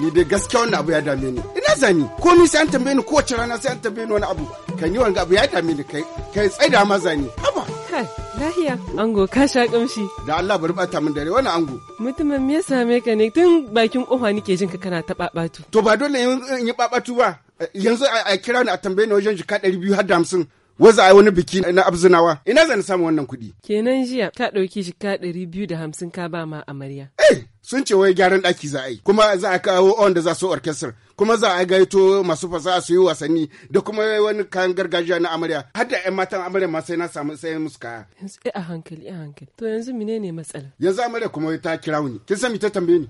ni da gaskiya wannan abu ya dame ni ina zani ni sai an tambaye ni kowace rana sai an tambaye ni wani abu kan yi wani abu ya dame ni kai kai tsaida ma zani haba kai Lahiya, ango ka sha kamshi. Da Allah bari bata min dare wani ango. Mutumin me ya same ka ne tun bakin kofa nike jin ka kana ta babatu. To ba dole in yi babatu ba. Yanzu a kira ni a tambaye ni wajen jika ɗari biyu har hamsin. Waza wani biki na abzinawa ina zan samu wannan kuɗi. Kenan jiya ka ɗauki jika ɗari biyu da hamsin ka ba ma amarya. Eh! sun ce wai gyaran ɗaki za a yi kuma za a kawo on da za su orkestra kuma za a gaito masu fasaha su yi wasanni da kuma wani kayan gargajiya na amarya har da 'yan matan amarya ma sai na samu sai musu kaya. yanzu eh, a hankali a hankali to yanzu mine ne matsala. yanzu amarya kuma ta kira wuni kin san ta tambaye ni.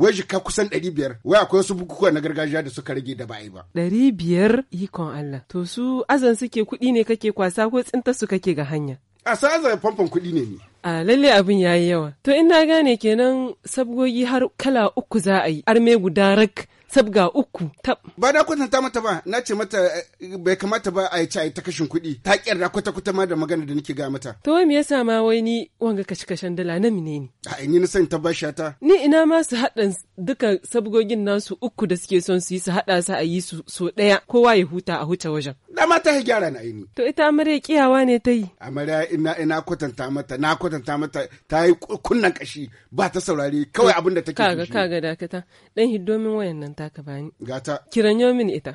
Wai jika kusan ɗari biyar, wai akwai wasu bukukuwa na gargajiya da suka rage da ba yi ba. Ɗari biyar ikon Allah, to su azan suke kuɗi ne kake kwasa ko tsinta su kake ga hanya. A sa azan famfon kuɗi ne ni. A lalle abin ya yi yawa. To ina gane kenan sabgogi har kala uku za a yi, arme guda rak sabga uku. Ba na kwatanta mata ba, na ce mata eh, bai kamata ba a yi ci ta kashin kuɗi. Ta kyarra kwata-kwata ma da magana da nake ga mata. To wai me yasa ma wai ni wanga kashi kashin dala na mine ne? A ni na san ta bashi ta. Ni ina ma su haɗa duka sabgogin nasu uku da suke son su yi su haɗa su a yi su so ɗaya kowa ya huta a huce wajen. Da ma ta gyara na aini. To ita amarya kiyawa ne ta yi. Amarya ina ina kwatanta mata na kwatanta mata ta yi kunnan kashi ba ta saurari kawai abin da take. Kaga kaga dakata dan hiddomin wayan ta ka bani gata yau min ita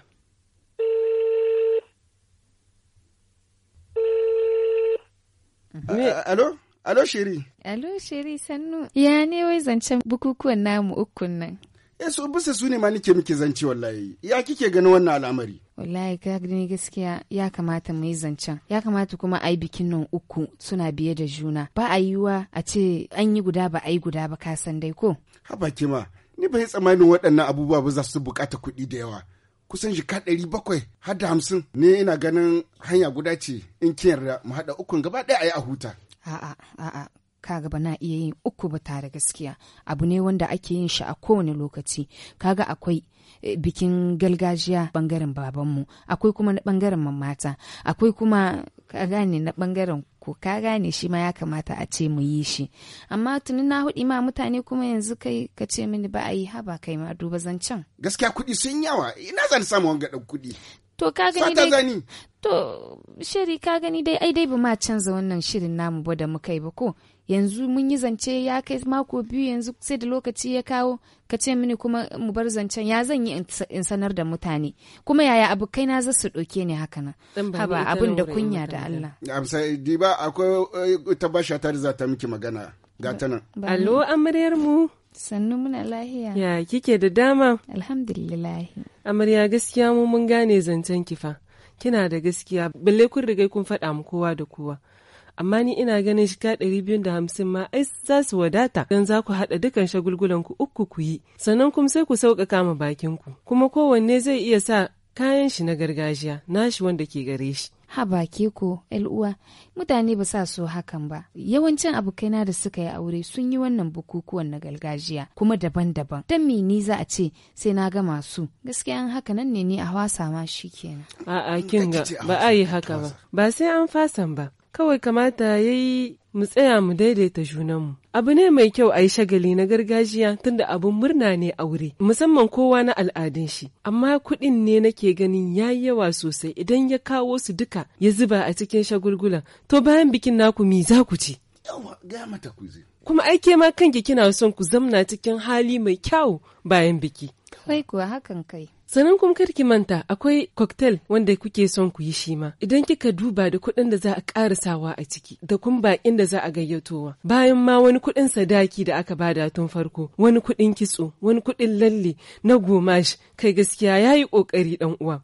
alo alo shiri alo shiri sannu ya ne wai zancen bukukuwan namu ukun nan eh so bisa su ne ma nike muke zance wallahi ya kike ganin wannan al'amari wallahi ka gani gaskiya ya kamata mu yi zancen ya kamata kuma ai bikin nan uku suna biye da juna ba a yiwa a ce an yi guda ba a yi guda ba ka san dai ko haba kima ni bai tsammanin waɗannan abubuwa ba za su bukata kuɗi da yawa kusan jika ɗari bakwai har da hamsin ne ina ganin hanya guda ce in kin yarda mu haɗa ukun gaba ɗaya a yi a huta. A'a a'a kaga ba na iya yin uku ba tare gaskiya abu ne wanda ake yin shi a kowane lokaci kaga akwai Eh, bikin gargajiya bangaren babanmu akwai kuma na bangaren mamata akwai kuma ka gane na bangaren ko ka gane shi ma ya kamata a ce mu yi shi amma tuni na hudi ma mutane kuma yanzu kai ka ce mini ba a yi haba kai ma duba zancen gaskiya kuɗi sun yawa ina zan samu wanga da kuɗi to ka gani dai to shiri ka gani dai ai dai ba ma canza wannan shirin namu ba da muka yi ba ko yanzu mun yi zance ya kai mako biyu yanzu sai da lokaci ya kawo ka ce mini kuma mu bar zancen ya zan yi in sanar da mutane kuma yaya abokai na zasu ɗauke ni haka nan haba abin da kunya da Allah amsa diba akwai eh, basha ta da za ta miki magana ga ta nan allo amaryar mu sannu muna lahiya ya kike da dama alhamdulillah amarya gaskiya mu mun gane zancen kifa kina da gaskiya balle kun riga kun faɗa mu kowa da kowa amma ni ina ganin shiga ɗari biyu da hamsin ma ai za su wadata don za ku haɗa dukan shagulgulan ku uku ku yi sannan kuma sai ku sauƙaƙa ma bakin ku kuma kowanne zai iya sa kayan shi na gargajiya nashi wanda ke gare shi ha baki ko uwa mutane ba sa so hakan ba yawancin abokaina da suka yi aure sun yi wannan bukukuwan na gargajiya kuma daban-daban dan me ni za a ce sai na ga masu gaskiya an haka nan ne ni a wasa ma shi kenan. a'a kin ba a yi haka ba ba sai an fasan ba kawai kamata ya yi mu tsaya mu daidaita junanmu. Abu ne mai kyau a yi shagali na gargajiya tunda abin murna ne aure, musamman kowa na al'adun shi. Amma kuɗin ne nake ganin ya yi yawa sosai idan ya kawo su duka ya zuba a cikin shagulgulan. To bayan bikin naku mi za ku ci? Kuma aike ma kanki kina son ku zamna cikin hali mai kyau bayan biki. Kai kuwa hakan kai. Sannan kuma kar ki manta akwai cocktail wanda kuke son ku yi shi ma. Idan kika duba da kuɗin da za a sawa a ciki da kun baƙin da za a gayyatowa. Bayan ma wani kuɗin sadaki da aka bada tun farko, wani kuɗin kitso, wani kuɗin lalle na gomash, kai gaskiya yayi ƙoƙari ɗan uwa.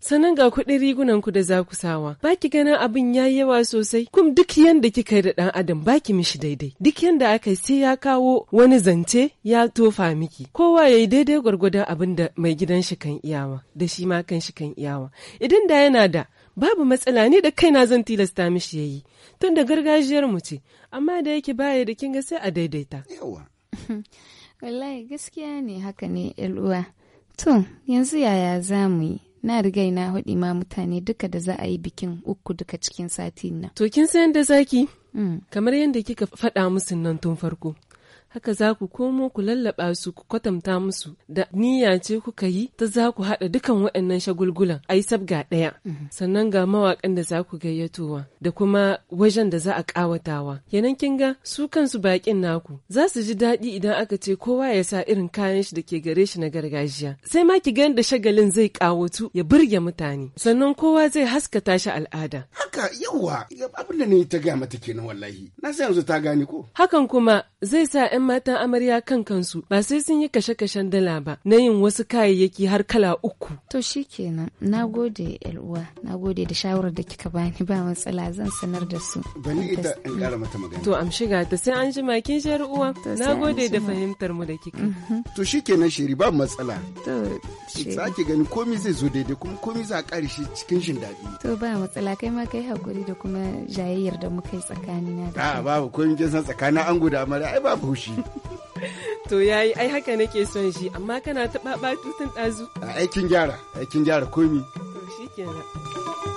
sanan ga kuɗin rigunan ku da za ku sawa ba ki ganin abin yayi yawa sosai kum duk yanda kika yi da ɗan adam ba ki mishi daidai duk yanda aka sai ya kawo wani zance ya tofa miki kowa yayi daidai gwargwadon abin da mai gidan shi kan iyawa da shi ma kan shi kan iyawa idan da yana da babu matsala ne da kaina zan tilasta mishi ya yi tun da gargajiyar mu ce amma da yake baya da kinga sai a daidaita yawa wallahi gaskiya ne haka ne uwa to yanzu yaya za mu yi na riga na haɗi ma mutane duka da za a yi bikin uku duka cikin satin nan. To kin san da zaki? Mm. Kamar yadda kika faɗa musu nan tun farko. haka za ku komo ku lallaba su ku kwatanta musu da niyya ce kuka yi ta za ku haɗa dukan waɗannan shagulgulan a yi sabga ɗaya mhm. sannan ga mawaƙan da za ku gayyatowa da kuma wajen da za a ƙawatawa yanan kin ga su kansu baƙin naku za su ji daɗi idan aka ce kowa ya sa irin kayan shi da ke gare shi na gargajiya sai ma ki ga da shagalin zai ƙawatu ya burge mutane sannan kowa zai haskata shi al'ada haka yawa abin da ne ta gaya mata kenan wallahi na sai yanzu ta gane ko hakan kuma zai sa 'yan matan amarya kan kansu ba sai sun yi kashe-kashen dala ba na yin wasu kayayyaki har kala uku. To shi kenan na gode uwa na gode da shawarar da kika bani ba matsala zan sanar da su. Bani ita in kara mata magana. To am shiga ta sai an jima kin shi uwa na gode da fahimtar mu da kika. Mhm. To shi kenan shiri ba matsala. To Sake gani komi zai zo daidai kuma komi za a kare shi cikin shin daɗi. To ba matsala kai ma kai hakuri da kuma jayayyar da muka yi tsakanina da. A babu komi kin san tsakanin ango da amarya ai babu hushi. shi to yayi ai haka nake son shi amma kana taɓa babatu tun A aikin gyara aikin gyara komi to shikenan